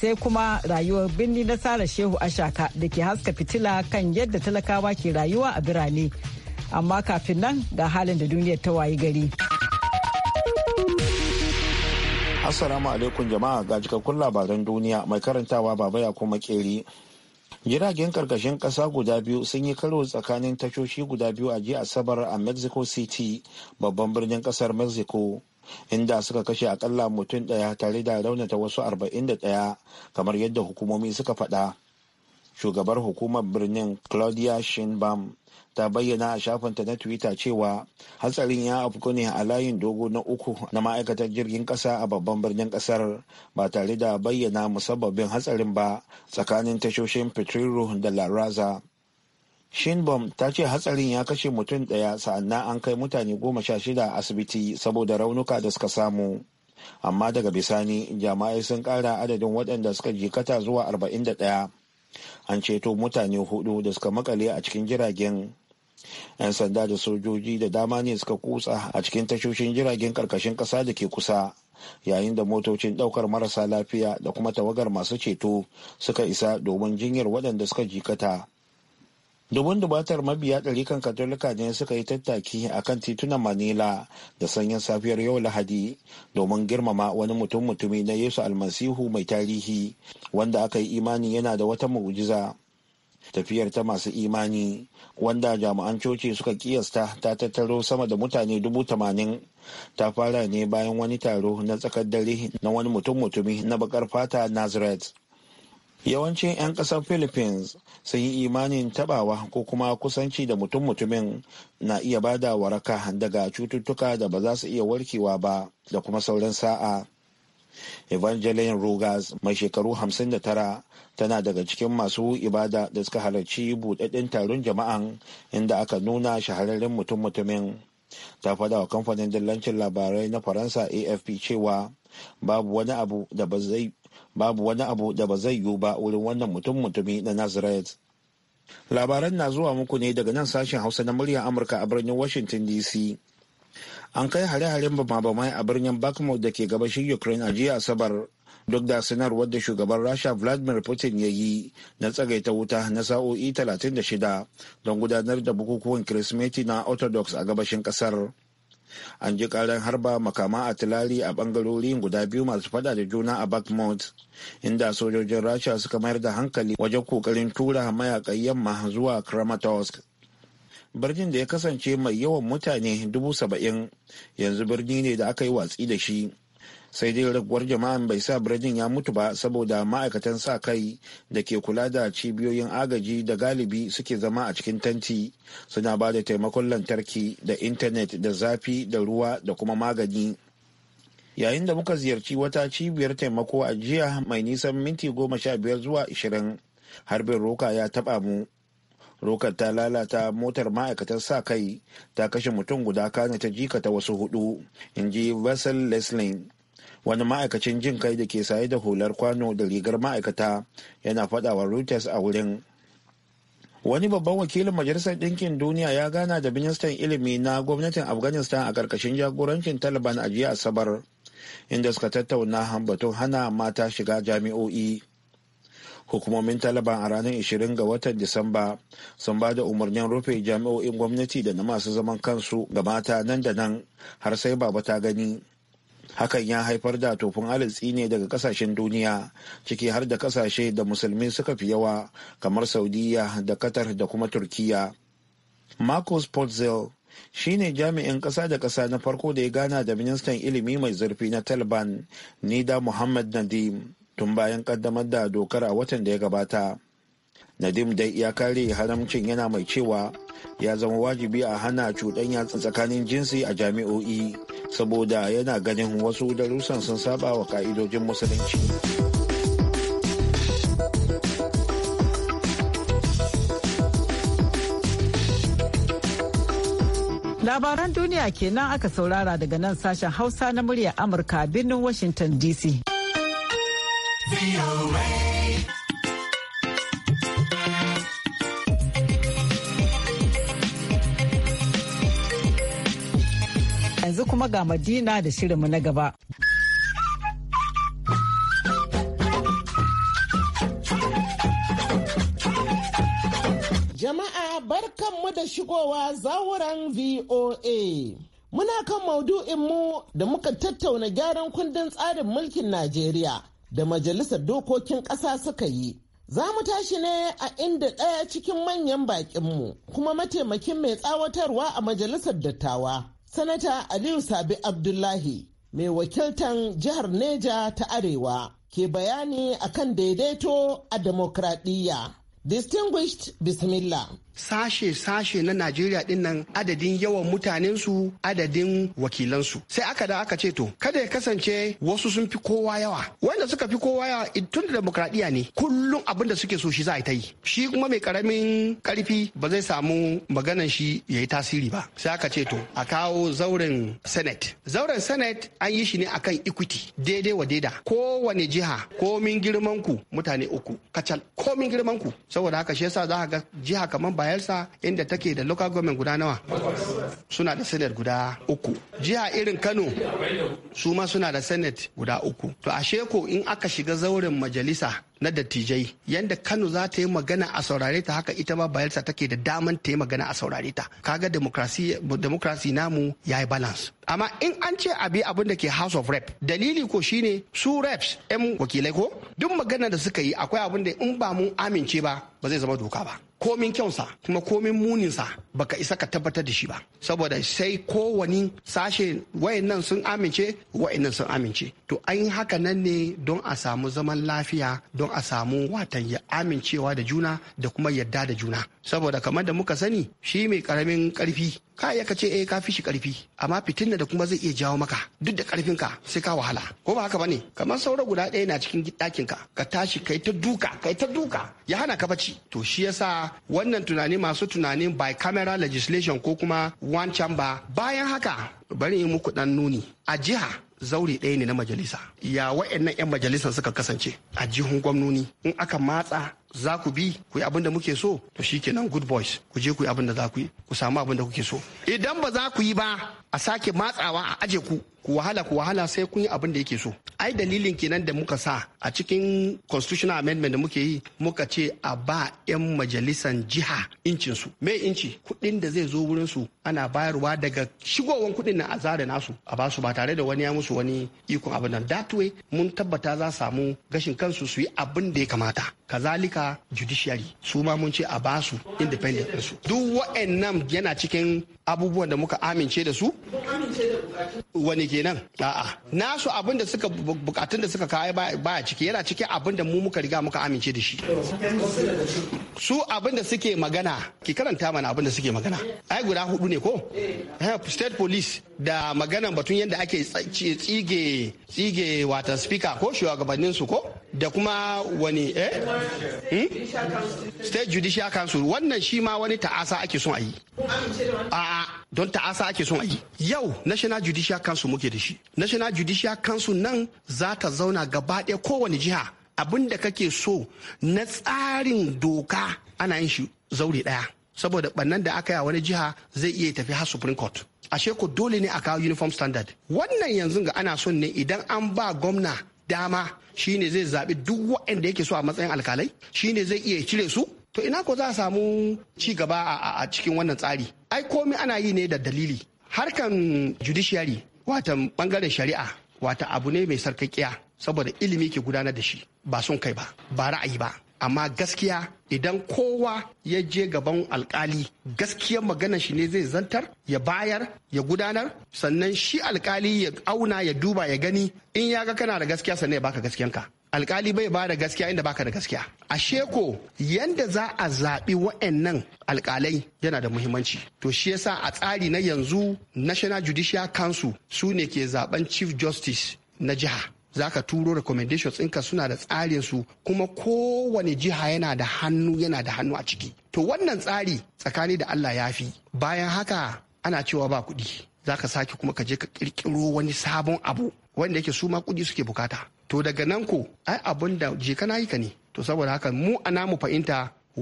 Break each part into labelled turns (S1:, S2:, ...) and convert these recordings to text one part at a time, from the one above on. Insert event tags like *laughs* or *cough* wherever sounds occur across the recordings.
S1: sai kuma rayuwar birni na Sara Shehu Ashaka da ke haska fitila kan yadda talakawa ke rayuwa a birane. Amma kafin nan ga halin da duniyar ta wayi gari.
S2: Assalamu alaikum jama'a ga cikakkun labaran duniya mai karantawa baba ya kuma keri. Jiragen karkashin kasa guda biyu sun yi karo tsakanin tashoshi guda biyu a jiya Asabar a Mexico City babban birnin kasar Mexico. inda suka kashe akalla mutum ɗaya tare da raunata wasu arba'in da ɗaya kamar yadda hukumomi suka faɗa. Shugabar hukumar birnin Claudia Shinbam ta bayyana a shafinta na Twitter cewa hatsarin ya afku ne a layin dogo na uku na ma'aikatar jirgin ƙasa a babban birnin ƙasar ba tare da bayyana musabbabin hatsarin ba tsakanin tashoshin Petriro da La Raza. shinbom ta ce hatsarin ya kashe mutum ɗaya sa'annan an kai mutane goma sha shida a asibiti saboda raunuka da suka samu amma daga bisani jama'ai sun ƙara adadin waɗanda suka jikata zuwa arba'in da ɗaya an ceto mutane hudu da suka makale a cikin jiragen 'yan sanda da sojoji da dama ne suka kutsa a cikin tashoshin jiragen karkashin ƙasa da ke kusa yayin da motocin ɗaukar marasa lafiya da kuma tawagar masu ceto suka isa domin jinyar waɗanda suka jikata Dubun dubatar mabiya ɗarikan Katolika ne suka yi tattaki a kan titunan Manila da sanyin safiyar yau Lahadi domin girmama wani mutum mutumi na Yesu almasihu mai tarihi wanda aka yi imani yana da wata mu'jiza. Tafiyar ta masu imani wanda jami'an coci suka kiyasta ta tattaro sama da mutane dubu tamanin ta fara ne bayan wani taro na tsakar dare na wani mutum mutumi na bakar fata Nazareth. yawancin 'yan ƙasar philippines sun yi imanin tabawa ko kuma kusanci da mutum-mutumin na iya ba da waraka daga cututtuka da ba za su iya warkewa ba da kuma sauran sa'a evangeline rugas mai shekaru 59 tana daga cikin masu ibada da suka halarci buɗaɗɗen taron jama'an inda aka nuna shahararren mutum-mutumin ta fada wa kamfanin dillancin labarai na faransa afp cewa babu wani abu da ba zai wani abu da ba zai yiwu ba wurin wannan mutum mutumi na Nazareth. Labaran na zuwa muku ne daga nan sashen Hausa na muryar Amurka a birnin Washington DC. An kai hare-haren bama-bamai a birnin Bakhmut da ke gabashin Ukraine a jiya Asabar duk da sanarwar da shugaban Rasha Vladimir Putin ya yi na tsagaita wuta na sa'o'i 36 don gudanar da bukukuwan Kirsimeti na Orthodox a gabashin ƙasar. an ji karar harba makama a tilari a bangarori guda biyu masu fada da juna a bakmont inda sojojin rasha suka mayar da hankali wajen kokarin tura mayakan yamma zuwa kramatorsk birnin da ya kasance mai yawan mutane dubu saba'in yanzu birni ne da aka yi watsi da shi sai dai raguwar jama'an bai sa birnin ya mutu ba saboda ma'aikatan sa kai da ke kula da cibiyoyin agaji da galibi suke zama a cikin tanti suna ba da taimakon lantarki da intanet da zafi da ruwa da kuma magani yayin da muka ziyarci wata cibiyar taimako a jiya mai nisan minti goma sha biyar zuwa ashirin harbin roka ya taba mu rokar ta lalata motar ma'aikatar sa kai ta kashe mutum guda kana ta jikata wasu hudu in ji vessel leslie wani ma'aikacin jin kai da ke saye da hular kwano da rigar ma'aikata yana fadawa reuters a wurin wani babban wakilin majalisar ɗinkin duniya ya gana da ministan ilimi na gwamnatin afghanistan a ƙarƙashin jagorancin taliban a jiya asabar inda suka tattauna batun hana mata shiga jami'o'i hukumomin taliban a ranar 20 ga watan disamba sun ba da umarnin rufe jami'o'in gwamnati da na masu zaman kansu ga mata nan da nan har sai baba ta gani hakan ya haifar da tofin alitsi ne daga kasashen duniya ciki har da kasashe da musulmi suka fi yawa kamar saudiya da katar da kuma turkiya marcus potzel ne jami'in ƙasa da ƙasa na farko da ya gana da ministan ilimi mai zurfi na taliban nida muhammad nadim tun bayan ƙaddamar da dokar a watan da ya gabata nadim dai ya kare haramcin yana mai cewa ya zama wajibi a hana cuɗanya tsakanin jinsi a jami'o'i saboda yana ganin wasu darussan sun saba wa ka'idojin musulunci
S1: labaran duniya kenan aka saurara daga nan sashen hausa na muryar amurka birnin washington dc Yanzu kuma ga Madina da shirinmu na gaba. Jama'a barkanmu
S3: da shigowa zawuran VOA. Muna kan maudu'inmu da muka tattauna gyaran kundin tsarin mulkin Najeriya da Majalisar Dokokin Ƙasa suka yi. Za mu tashi ne a inda ɗaya cikin manyan baƙinmu kuma mataimakin mai tsawatarwa a Majalisar Dattawa, Sanata Aliyu Sabi Abdullahi mai wakiltan jihar Neja ta Arewa ke bayani akan
S4: daidaito a demokradiyya. Distinguished Bismillah sashe-sashe na Najeriya din nan adadin yawan mutanensu adadin wakilansu. Sai aka da aka ce to kada ya kasance wasu sun fi kowa yawa. Wanda suka fi kowa yawa tun da demokradiyya ne kullum abin da suke so shi za a ta yi. Shi kuma mai karamin karfi ba zai samu maganan shi ya yi tasiri ba. Sai aka ce to a kawo zauren Senate. Zauren Senate an yi shi ne akan equity daidai wa daida. Kowane jiha komin girman ku mutane uku kacal komin girman ku saboda haka shi yasa za ka ga jiha kamar bayelsa inda take da local government guda nawa suna da senate guda uku jiha irin kano su ma suna da senate guda uku to a ko in aka shiga zauren majalisa na dattijai yadda kano za ta yi magana a saurare ta haka ita ma bayelsa take da daman ta yi magana a saurare ta kaga demokrasi namu ya yi balance amma in an ce abi abin da ke house of rep dalili ko shine su reps yan wakilai ko duk magana da suka yi akwai abin da in ba mu amince ba ba zai zama doka ba komin kyaunsa kuma komin muninsa baka isa ka tabbatar da shi ba saboda sai kowani sashe wayannan sun amince wayannan sun amince to an haka nan ne don a samu zaman lafiya don a samu watan ya amincewa da juna da kuma yadda da juna saboda kamar da muka sani shi mai karamin karfi kai ya ka ce eh ka fi shi karfi amma fitinna da kuma zai iya jawo maka duk da karfin ka sai ka wahala ko ba haka bane kamar saura guda ɗaya na cikin ɗakin ka ka tashi kai ta duka kai ta duka ya hana ka bacci to shi yasa wannan tunani masu tunanin by camera legislation ko kuma one chamber bayan haka bari in muku dan nuni a jiha zaure ɗaya ne na majalisa ya wa'annan 'yan majalisa suka kasance a jihun gwamnoni in aka matsa za ku bi ku yi abin da muke so to shikenan good boys ku je ku yi abin da za ku yi ku samu abin da kuke so idan ba za ku yi ba a sake matsawa a aje ku ku wahala ku wahala sai kun yi abin da yake so ai dalilin kenan da muka sa a cikin constitutional amendment da muke yi muka ce a ba 'yan majalisan jiha incin su me inci kuɗin da zai zo wurin su ana bayarwa daga shigowan kuɗin na a nasu a ba su ba tare da wani ya musu wani ikon abin nan that way mun tabbata za samu gashin kansu su yi abin da ya kamata kazalika judiciary su ma mun ce a ba su independent su duk wa'annan yana cikin abubuwan da muka amince da su wani kenan a'a nasu abin da suka bukatun da suka kawo baya ciki yana ciki abin da mu muka riga muka amince da shi su abin da suke magana ki karanta mana abin da suke magana ai guda hudu ne ko eh. Eh, state police da maganan batun yadda ake tsige tsige watan speaker ko shugabannin su ko da kuma wani eh hmm? state judicial council wannan shi ma wani ta'asa ake son a yi a'a don ta'asa ake son ayi yau national judicial council muke da shi national judicial council nan za ta zauna gaba ɗaya kowane jiha abin da kake so na tsarin doka ana yin shi zaure ɗaya saboda bannan da aka yi a wani jiha zai iya tafi har supreme court ashe ko dole ne a kawo uniform standard wannan yanzu ga ana son ne idan an ba gwamna dama shine zai zaɓi duk waɗanda yake so a matsayin alkalai shine zai iya cire su to ina ko za a samu ci gaba a cikin wannan tsari ai komai ana yi ne da dalili harkan judiciary wata bangaren shari'a wata abu ne mai sarkakiya saboda ilimi ke gudanar da shi ba sun kai ba ba ra'ayi ba amma gaskiya idan kowa ya je gaban alkali gaskiyar maganar shi ne zai zantar ya bayar ya gudanar sannan shi alkali ya auna ya duba ya gani in ya ga kana da gaskiya sannan ya baka gaskiyanka alkali bai ba da gaskiya inda baka da gaskiya a sheko yadda za a zaɓi wa'annan alkalai yana da muhimmanci to shi yasa a tsari na yanzu national judicial council su ne ke zaben chief justice na jiha za ka turo recommendations ɗinka suna da tsarin su kuma kowane jiha yana da hannu yana da hannu a ciki to wannan tsari tsakani da allah ya fi bayan haka ana cewa ba kuɗi za ka sake kuma ka je ka ƙirƙiro wani sabon abu wanda yake su ma kuɗi suke bukata to daga nan ko ai abun da je kana yi ka ne to saboda haka mu a namu fahimta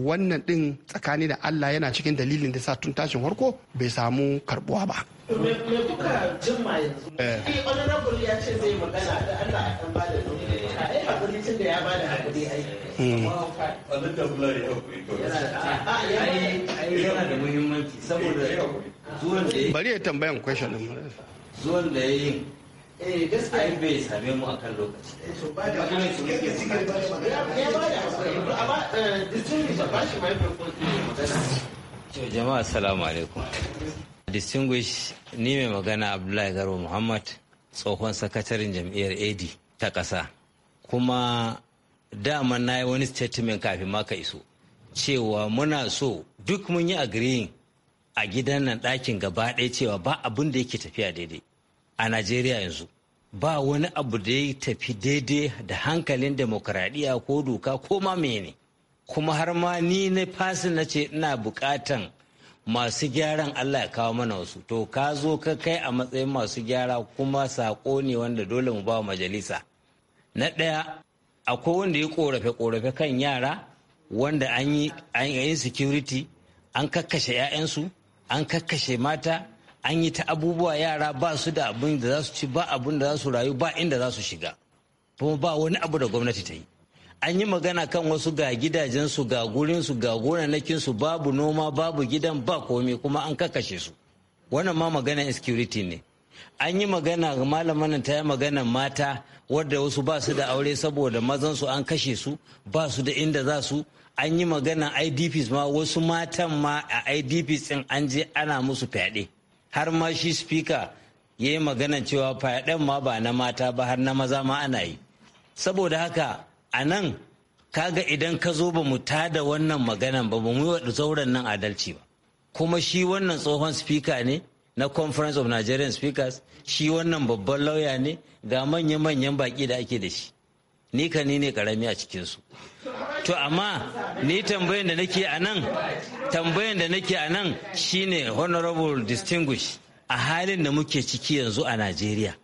S4: wannan din tsakani da Allah yana cikin dalilin da sa tun tashin farko bai samu karbuwa ba.
S3: Me kuka jimma yanzu? Eh. Honorable ya ce zai magana da Allah a kan bada dalilin ka ai hakuri tun da ya ba da hakuri ai.
S5: Hmm.
S6: Wannan da kula da yana da muhimmanci saboda
S4: zuwan da ya Bari ya tambayan question din. Zuwan da ya yi
S6: eh gaskiya ai bai same mu akan lokaci to ba da kuma su yake cikin ba ya ba
S1: da amma
S6: eh, distinguish ba shi microphone to jama'a assalamu alaikum distinguish ni mai magana abdullahi garba muhammad tsohon sakataren jam'iyyar ad ta ƙasa kuma dama na yi wani statement kafin maka iso cewa muna so duk mun yi agreeing a gidan nan ɗakin gaba ɗaya cewa ba abin da yake tafiya daidai a najeriya yanzu ba wani abu da ya tafi daidai da hankalin demokradiyya ko doka ko ma mene kuma har ma ni na fasi na ce ina bukatan masu gyaran allah ya kawo mana wasu to ka zo ka kai a matsayin masu gyara kuma saƙo ne wanda dole mu ba majalisa na ɗaya akwai wanda ya ƙorafe korafe kan yara wanda an yi security an kakkashe 'ya'yansu an kakkashe mata an yi ta abubuwa yara ba su da abin da za su ci ba abin da za su rayu ba inda za su shiga kuma ba wani abu da gwamnati ta yi an yi magana kan wasu ga gidajensu ga gurinsu ga gonanakinsu babu noma babu gidan ba komai kuma an kakashe su wannan ma magana insecurity ne an yi magana ga malaman ta yi magana mata wadda wasu ba su da aure saboda mazansu an kashe su ba su da inda za su an yi magana idps ma wasu matan ma a idps din an je ana musu fyaɗe har ma shi speaker ya yi maganan cewa fayaɗen ma ba na mata ba har na maza ma ana yi saboda haka a nan kaga idan ka zo ba mu tada wannan maganan ba ba mu yi zauren nan adalci ba kuma shi wannan tsohon speaker ne na conference of nigerian speakers shi wannan babban lauya ne ga manya-manyan baki da ake da shi ni ka ni ne karami a cikinsu
S7: to amma ni tambayan da nake a nan tambayan da nake a nan
S6: shine honorable distinguish a halin da muke ciki yanzu a najeriya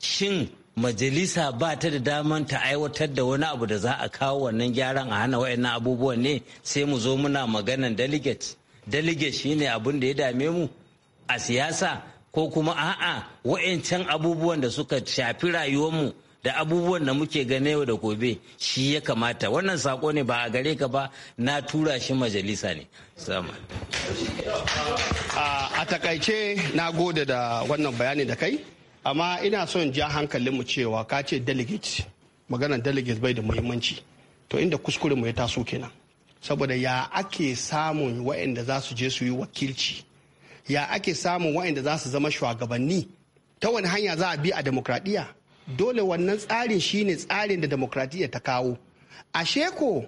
S6: shin majalisa ba ta da daman ta aiwatar da wani abu da za a kawo wannan gyaran a hana wayannan abubuwan ne sai mu zo muna maganan delegate delegate shine abin da ya dame mu a siyasa ko kuma a'a wayancan abubuwan da suka shafi rayuwar mu da abubuwan da muke gane yau da gobe shi ya kamata wannan sako ne ba a gare ka ba na tura shi majalisa ne a takaice
S4: na gode da
S6: wannan bayani da kai amma ina
S4: son ja hankalinmu cewa ka ce delegate maganar delegate bai da muhimmanci to inda kuskurenmu ya taso kenan saboda ya ake samun waɗanda za su je su yi wakilci ya ake samun waɗanda za su zama shugabanni ta wani hanya za a bi a demokradiyya dole wannan tsarin shine tsarin da demokradiyya ta kawo asheko sheko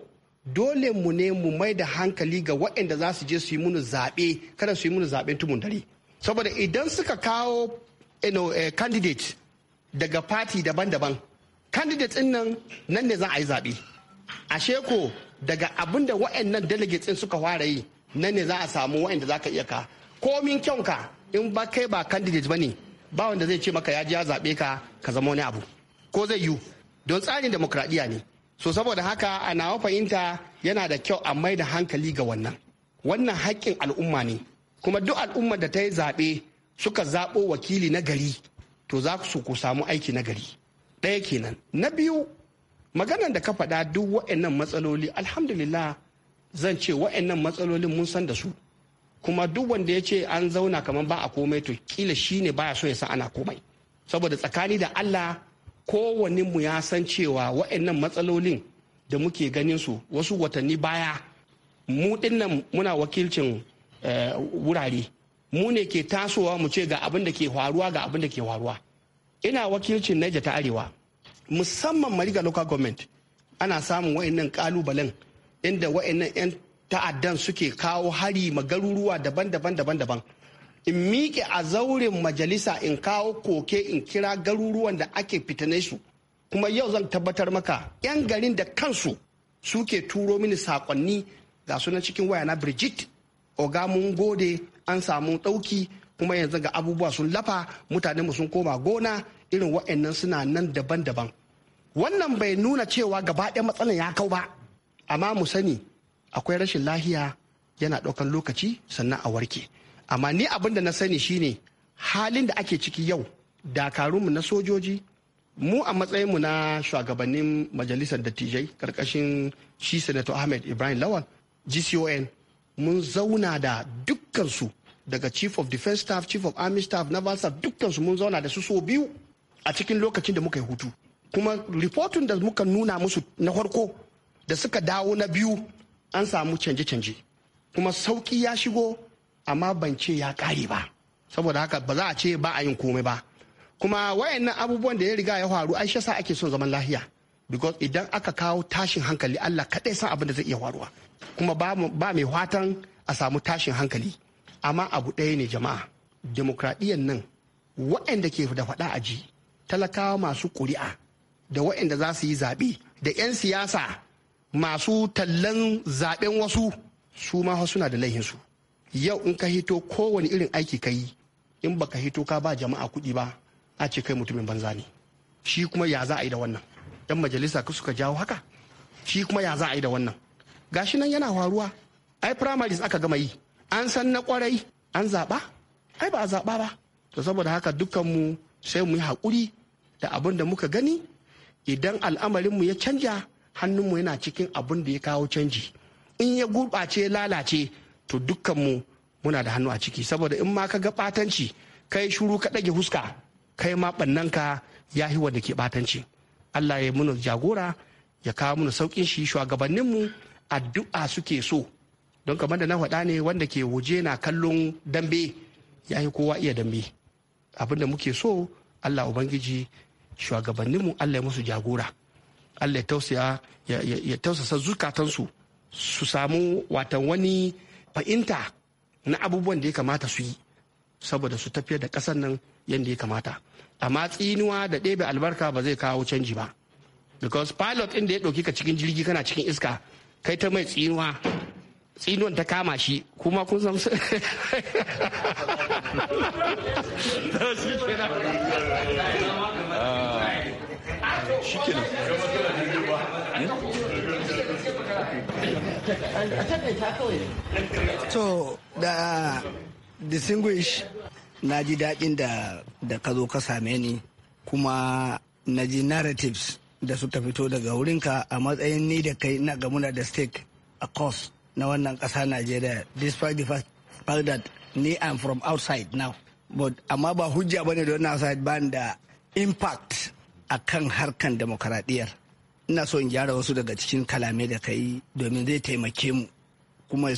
S4: dole mu ne mu mai da hankali ga waɗanda za su je su yi munu zaɓe kada su yi munu zaɓen tumun dare saboda idan suka kawo eh, candidate daga party daban-daban candidate din nan nan ne za a yi zaɓe asheko sheko daga abin da waɗannan delegates ɗin suka fara yi nan ne za a samu waɗanda za ka iya ka komin kyanka in ba kai ba candidate ba ne ba wanda zai ce maka ya ji ya zaɓe ka ka zama wani abu ko zai yiwu don tsarin demokradiyya ne so saboda haka a nawa fahimta yana da kyau a mai da hankali ga wannan wannan haƙƙin al'umma ne kuma duk al'ummar da ta yi zaɓe suka zaɓo wakili na gari to za su ku samu aiki na gari ɗaya kenan na biyu maganar da ka faɗa duk wa'annan matsaloli alhamdulillah zan ce wa'annan matsalolin mun san da su kuma duk wanda ya ce an zauna kamar ba a komai to kila shi ne baya so ya sa ana komai saboda tsakani da allah kowanne mu ya san cewa wa'annan matsalolin da muke ganin su wasu watanni baya mu dinnan muna wakilcin eh, wurare mu ne ke tasowa mu ce ga abin da ke faruwa ga abin da ke faruwa ina wakilcin naija ta arewa musamman mariga local government ana samun wa'annan kalubalen inda wa'annan 'yan ta'addan suke kawo hari ma garuruwa daban-daban daban-daban in miƙe a zauren majalisa in kawo koke in kira garuruwan da ake fitane su kuma yau zan tabbatar maka 'yan garin da kansu suke turo mini sakonni ga sunan cikin waya na Brigitte oga mun gode an samu ɗauki kuma yanzu ga abubuwa sun lafa mutane mu sun koma gona irin wa'annan suna nan daban-daban wannan bai nuna cewa gaba ɗaya matsalan ya kau ba amma mu sani akwai rashin lahiya yana ɗaukan lokaci sannan a warke amma ni abin da na sani shine halin da ake ciki yau dakarunmu na sojoji mu a matsayinmu na shugabannin majalisar dattijai karkashin shi senator ahmed ibrahim lawal gcon mun zauna da dukkansu daga chief of defense staff chief of army staff naval staff dukkansu mun zauna da su so biyu a cikin lokacin da muka yi hutu kuma rifotin da muka nuna musu na farko da suka dawo na biyu an samu canje-canje kuma sauƙi ya shigo amma ban ce ya kare ba saboda haka ba za a ce ba a yin komai ba kuma wayannan abubuwan da ya riga ya faru ai sa ake son zaman lafiya because idan aka kawo tashin hankali Allah kaɗai san abin da zai iya faruwa kuma ba mai watan a samu tashin hankali amma abu ɗaya ne jama'a demokradiyyar nan waɗanda ke da faɗa a ji talakawa masu ƙuri'a da waɗanda za su yi zaɓe da 'yan siyasa masu tallan zaben wasu su ma suna da laihinsu yau in ka hito kowane irin aiki ka yi in baka hito ka ba jama'a kuɗi ba a ce kai mutumin banza ne shi kuma ya za a yi da wannan yan majalisa ka suka jawo haka shi kuma ya za a yi da wannan gashi nan yana faruwa ai primaries aka gama yi an san na kwarai an zaɓa ai ba a zaɓa ba to saboda haka dukkanmu sai mu yi haƙuri da abin da muka gani idan al'amarinmu ya canja hannunmu yana cikin abin da ya kawo canji in ya gurɓace lalace to dukkanmu muna da hannu a ciki saboda in ma ka ga ɓatanci kai shuru ka ɗage huska kai ma ɓannan ka ya yi wanda ke batanci allah ya muna jagora ya kawo muna sauƙin shi shugabanninmu addu'a suke so don kamar da na faɗa ne wanda ke waje na kallon dambe ya yi kowa iya dambe abin da muke so allah ubangiji shugabanninmu allah ya musu jagora allah ya tausasa zukatansu su samu watan wani fahimta na abubuwan da ya kamata su yi saboda su tafiyar da ƙasar nan yadda ya kamata amma tsinuwa da ɗebe albarka ba zai kawo canji ba because pilot ɗin da ya ɗauki ka cikin jirgi kana cikin iska kai ta mai tsinuwa tsinuwan ta kama shi kuma kun san
S7: *laughs* *laughs*
S8: to da distinguish na ji daɗin da ka zo ka same ni kuma na ji narratives da suka fito daga wurinka a matsayin ni da kai na gamuna da stake a course na wannan ƙasa najeriya despite the fact that ni am from outside now but amma ba hujja ba ne don outside ban da impact a kan harkan demokaradiyyar ina so in gyara wasu daga cikin kalamai da ka yi domin zai taimake mu kuma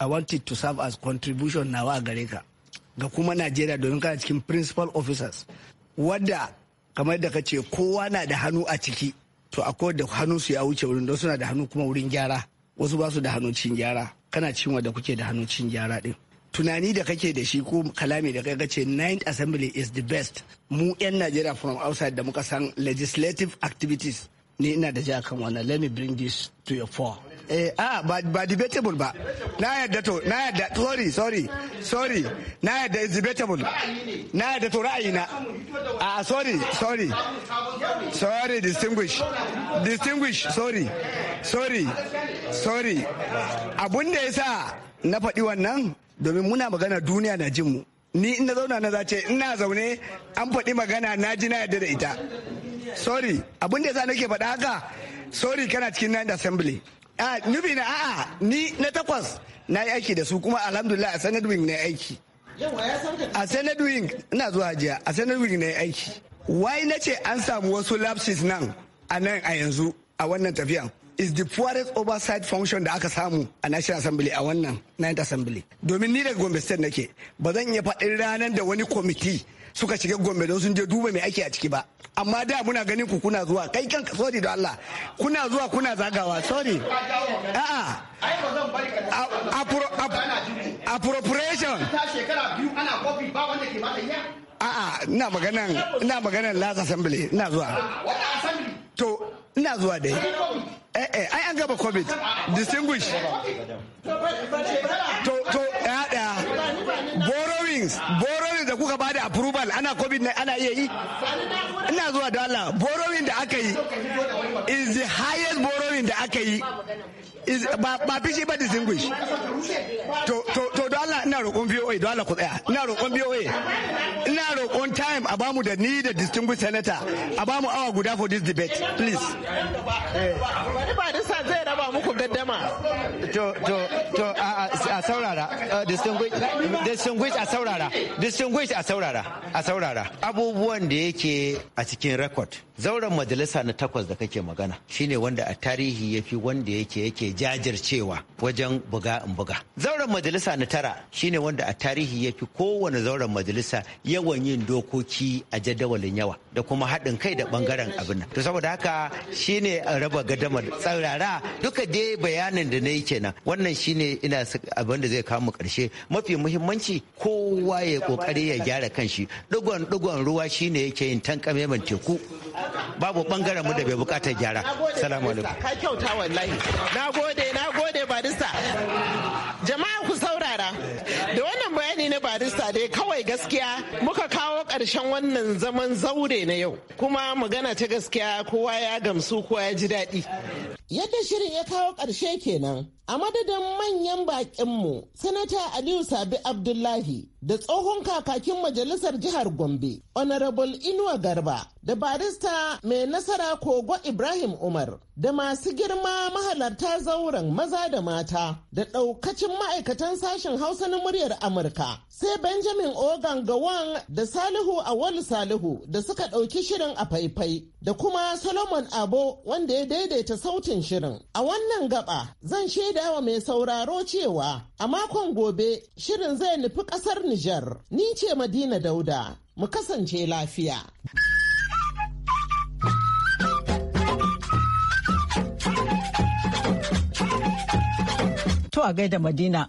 S8: i want to serve as contribution nawa a gare ka ga kuma najeriya domin kana cikin principal officers wadda kamar da ka ce kowa na da hannu a ciki to akwai da hannu su ya wuce wurin don suna da hannu kuma wurin gyara wasu ba su da hannu cin gyara kana cin wadda kuke da hannu cin gyara din tunani da kake da shi ko kalami da kai ce ninth assembly is the best mu 'yan najeriya from outside da muka san legislative activities ni ina da ja kan wannan let me bring this to your fore eh a ah, ba ba debatable ba na yadda to na yadda sorry sorry sorry na yadda is debatable na yadda to ra'ayi na ah sorry sorry sorry distinguish distinguish sorry sorry sorry abun da yasa na faɗi wannan domin muna magana duniya na jin mu ni ina zauna na zace ina zaune an faɗi magana na ji na yadda da ita sorry abin da yasa nake faɗa haka sorry kana cikin nine assembly a nubi na a'a ni na takwas na yi aiki da su kuma alhamdulillah a senate wing na yi aiki a senate wing ina zuwa jiya a senate wing na yi aiki wai na ce an samu wasu lapses nan a nan a yanzu a wannan tafiyan is the poorest oversight function da aka samu a National Assembly a wannan 9 Assembly. Domin ni daga Gombe State nake, ba zan iya faɗin ranar da wani kwamiti suka shiga Gombe don sun je duba mai ake a ciki ba. Amma da muna ganin ku kuna zuwa, kai kanka sorry da Allah, kuna zuwa kuna zagawa, sorry. A'a. Appropriation.
S4: Shekara biyu ana kofi
S7: A'a,
S8: ina maganan, ina maganan Last Assembly, ina zuwa. To, ina zuwa dai. eh eh ai an gaba covid distinguish to to ya da borrowings borrowings da kuka bada approval ana covid ne ana iya yi ina zuwa da Allah borrowing da aka yi is the highest borrowing da aka yi ba fishi ba distinguish to to to don Allah ina roƙon VOA don Allah ku tsaya ina roƙon VOA ina roƙon time a bamu da ni da distinguish senator a bamu awa guda for this debate please wani eh.
S3: ba da sa zai raba
S4: muku gaddama to to to a'a a saurara uh, distinguish
S6: a saurara distinguish a saurara a saurara abubuwan da yake a cikin record zauren majalisa na takwas da kake magana shine wanda a tarihi ya wanda yake yake jajircewa wajen buga in buga zauren majalisa na tara shine wanda a tarihi yafi kowane zauren majalisa yawan yin dokoki a jadawalin yawa da kuma haɗin kai da bangaren abin to saboda haka shine raba gadamar tsaurara duka dai bayanin da na yi kenan wannan shine ina abin da zai mu karshe mafi muhimmanci kowa ya kokari ya gyara kanshi digon digon ruwa shine yake yin tankame man teku babu bangaren mu da bai bukatar gyara salamu alaikum
S3: ka kyauta wallahi nagode nagode barista jama'a ku saurara da wannan bayani na barista dai kawai gaskiya muka kawo ƙarshen wannan zaman zaure na yau kuma magana ta gaskiya kowa ya gamsu kowa ya ji daɗi yadda shirin ya kawo ƙarshe kenan a madadin manyan baƙinmu sanata aliyu sabi abdullahi da tsohon kakakin majalisar jihar Gombe, Honorable Inuwa Garba, da barista mai nasara Kogo Ibrahim Umar, da masu girma mahalarta zauren maza da mata, da ɗaukacin ma'aikatan sashen Hausa na muryar Amurka, sai Benjamin Ogan Gawan da Salihu Awal Salihu da suka ɗauki shirin a faifai, da kuma Solomon Abo wanda ya daidaita sautin shirin. A wannan gaba, zan shaidawa mai sauraro cewa a makon gobe shirin zai nufi ƙasar Nijar. Ni ce Madina Dauda, mu kasance lafiya.
S1: To a gaida Madina.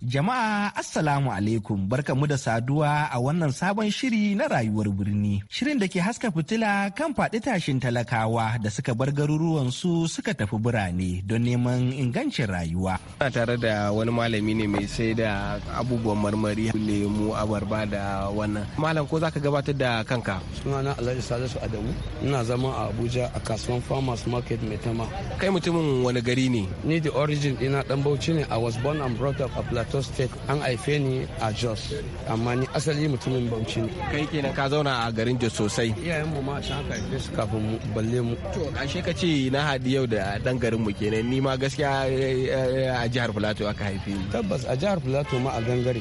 S1: Jama'a Assalamu alaikum barkamu da saduwa a wannan sabon shiri na rayuwar
S5: birni. Shirin da ke haska fitila kan faɗi tashin talakawa da suka bar garuruwansu suka tafi birane don neman ingancin rayuwa. Ana tare da wani malami ne mai sai da abubuwan marmari lemu abarba da wannan. Malam ko zaka gabatar da kanka? Sunana Alhaji Salisu Adamu. Ina zama a Abuja a kasuwan Farmers Market Maitama. Kai mutumin wani gari ne? Ni the origin ina dan Bauchi ne. a was born and brought up a Plateau. plateau state an haife ni a jos amma ni asali mutumin bauchi ne kai kenan ka zauna a garin jos sosai iyayen mu ma shan ka haife su kafin mu balle mu to ashe ka ce na hadi yau da ɗan garin mu kenan ni ma gaskiya eh, eh, eh, a jihar plateau aka haife ni tabbas a jihar plateau ma a gangare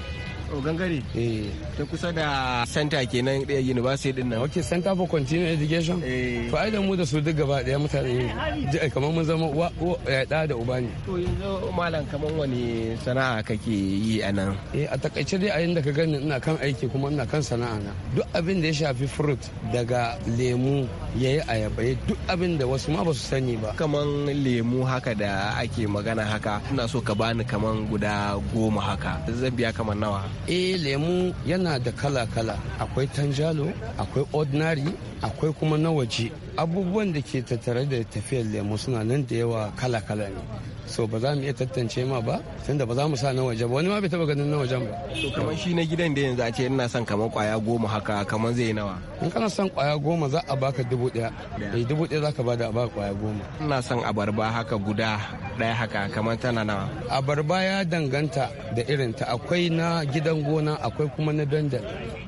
S5: o gangare eh. ta kusa da center kenan daya university din nan okay center for continuing education eh fa da mu da su duk gaba daya mutane kamar mun zama ya da da uba ne to yanzu malam kamar wani sana'a kake yi a nan eh a takaice dai a inda ka gani ina kan aiki kuma ina kan sana'a na duk abin da ya shafi fruit daga lemu yayi ayaba duk abin da wasu ma basu sani ba kaman lemu haka da ake magana haka ina so ka bani kaman guda goma haka zan biya kamar nawa eh lemu yana da kala-kala akwai tanjalo akwai ordinary akwai kuma na waje abubuwan da ke tattare da tafiyar lemu suna nan da yawa kala-kala ne so ba za mu iya tantance ma ba tunda ba za mu sa na waje ba wani ma bai taba ganin na wajen ba to kamar shi na gidan da yanzu a ce ina son kamar kwaya goma haka kamar zai nawa in kana son kwaya goma za a baka dubu daya eh dubu daya zaka bada a baka kwaya goma ina son abarba haka guda daya haka kamar tana nawa abarba ya danganta da irin ta akwai na gidan gona akwai kuma na dandal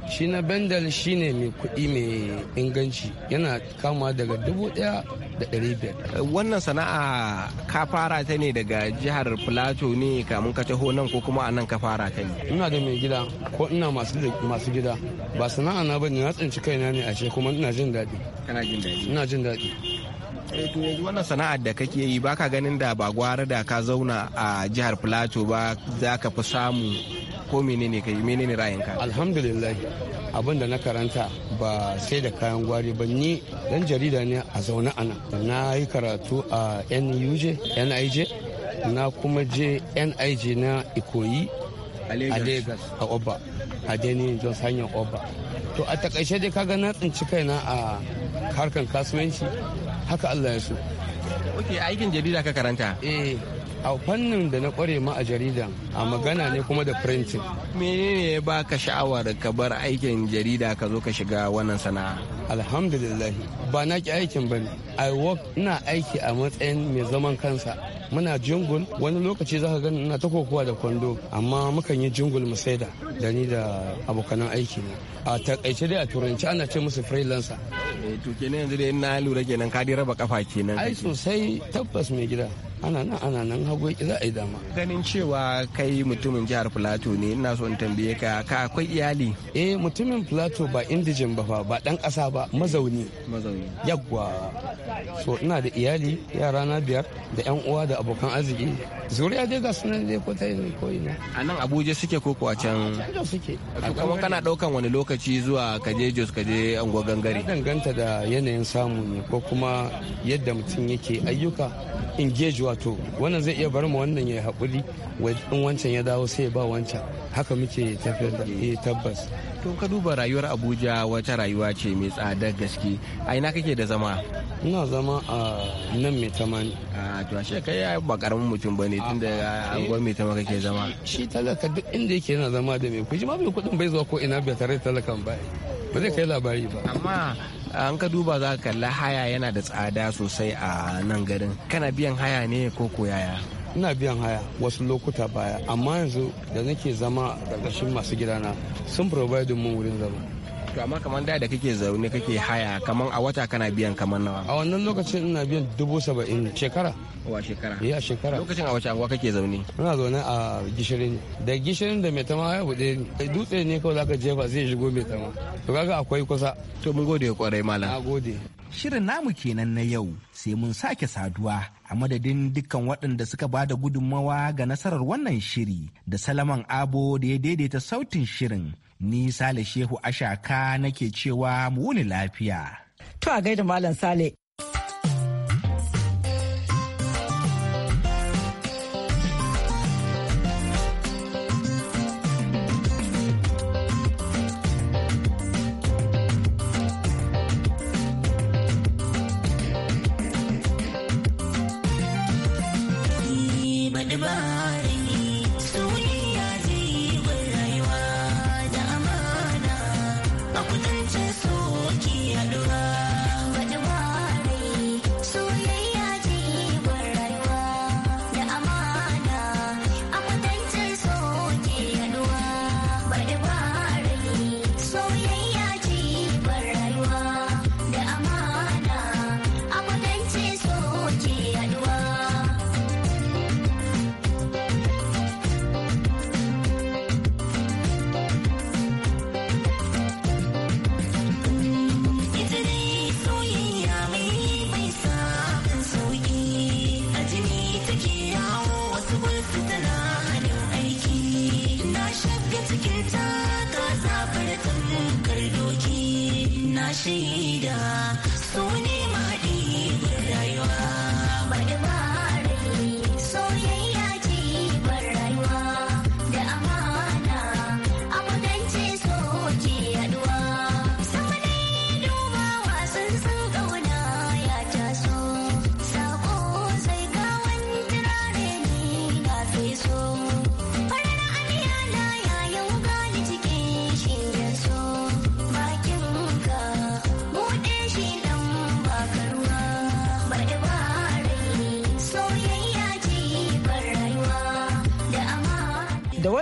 S5: shi na bendal shi ne mai kuɗi mai inganci yana kama daga dubu ɗaya da ɗari biyar wannan sana'a ka fara ta ne daga jihar plateau ne kamun ka taho nan ko kuma a nan ka fara ta ne ina da mai gida ko ina masu gida ba sana'a na bane na tsinci kaina ne a kuma ina jin daɗi kana jin daɗi ina jin daɗi eh, wannan sana'ar da kake yi baka ganin da ba gwara da ka zauna a jihar plateau ba za ka fi samu ko menene kai menene ra'ayinka alhamdulillah abin da na karanta ba sai da kayan gwari ba ni dan jarida ne a zaune ana na yi karatu a nuj nij na kuma je nij na ikoyi a lagos a oba a deni jos hanyar oba to a takaice dai kaga na tsinci kaina a harkan kasuwanci haka allah ya so ok aikin jarida ka karanta eh a fannin da na kware ma a jarida a magana ne kuma da printing menene ya baka sha'awar ka bar aikin jarida ka zo ka shiga wannan sana'a alhamdulillah ba na ki aikin bane i work ina aiki a matsayin mai zaman kansa muna jingul wani lokaci za ka gani ina ta kokowa da kwando amma mukan yi jingul mu saida da ni da abokanan aiki na a takaice dai a turanci ana ce musu freelancer eh, to kenan yanzu dai na lura kenan ka dai raba kafa kenan ai sosai tabbas mai gida ana nan ana nan hagu za a yi dama ganin cewa kai mutumin jihar plateau ne ina so in tambaye ka ka akwai iyali eh mutumin plateau ba indijin ba ba dan kasa ba mazauni mazauni yagwa so ina da iyali yara na biyar da yan uwa da abokan arziki zuriya dai ga sunan dai ko ta yi ko ina a nan abuja suke ko kuwa can suke kuma kana daukan wani lokaci zuwa kaje jos kaje ango gangare danganta da yanayin samu ne ko kuma yadda mutum yake ayyuka engage wato wannan zai iya bar mu wannan ya haƙuri in wancan ya dawo sai ya ba wancan haka muke tafiyar da eh, tabbas to ka duba rayuwar abuja wata rayuwa ce mai tsadar gaske a ina kake da zama ina zama a nan mai tamani a to ashe kai ya ba karamin mutum bane tunda anguwar mai tamani kake zama shi talaka duk inda yake yana zama da mai kuji ma mai kudin bai zuwa ko ina bai tare da talakan ba ba zai kai labari ba amma an ah, ka duba za ka kalla haya yana da tsada sosai a nan garin kana biyan haya ne ko ko yaya ina biyan haya wasu lokuta baya amma yanzu da nake zama a ƙarƙashin masu gidana sun provide mun wurin zama to amma kamar da da kake zaune kake haya kamar a wata kana biyan kamar nawa a wannan lokacin ina biyan dubu saba'in shekara wa shekara ya shekara lokacin a wace anguwa kake zaune ina zaune a gishirin da gishirin da mai tama ya buɗe ni dutse ne kawai zaka jefa zai shigo mai tama to kaga akwai kusa to mun gode kwarai malam na gode shirin namu kenan na yau sai mun sake saduwa a madadin dukkan waɗanda suka ba da gudunmawa ga nasarar wannan shiri da salaman abo da ya daidaita sautin shirin Ni Sale Shehu Ashaka nake cewa
S1: mu wuni lafiya. To a gaida Malam Sale